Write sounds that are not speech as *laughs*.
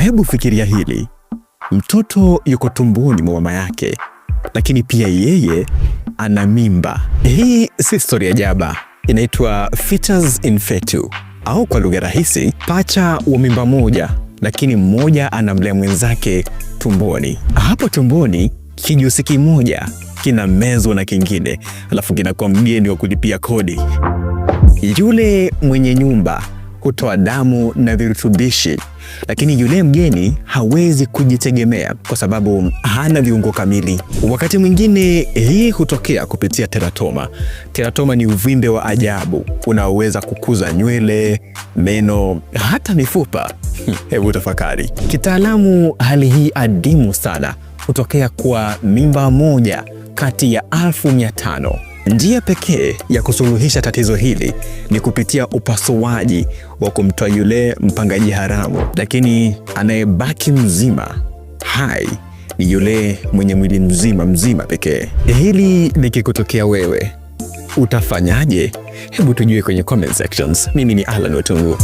Hebu fikiria hili. Mtoto yuko tumboni mwa mama yake, lakini pia yeye ana mimba. Hii si stori ya jaba, inaitwa fetus in fetu, au kwa lugha rahisi, pacha wa mimba moja, lakini mmoja anamlea mwenzake tumboni. Hapo tumboni, kijusi kimoja kinamezwa na kingine, alafu kinakuwa mgeni wa kulipia kodi. Yule mwenye nyumba kutoa damu na virutubishi, lakini yule mgeni hawezi kujitegemea kwa sababu hana viungo kamili. Wakati mwingine hii hutokea kupitia teratoma. Teratoma ni uvimbe wa ajabu unaoweza kukuza nywele, meno, hata mifupa. *laughs* Hebu tafakari. Kitaalamu, hali hii adimu sana hutokea kwa mimba moja kati ya elfu mia tano. Njia pekee ya kusuluhisha tatizo hili ni kupitia upasuaji wa kumtoa yule mpangaji haramu, lakini anayebaki mzima hai ni yule mwenye mwili mzima mzima pekee. Hili likikutokea wewe, utafanyaje? Hebu tujue kwenye comment sections. Mimi ni Alan Wetungu.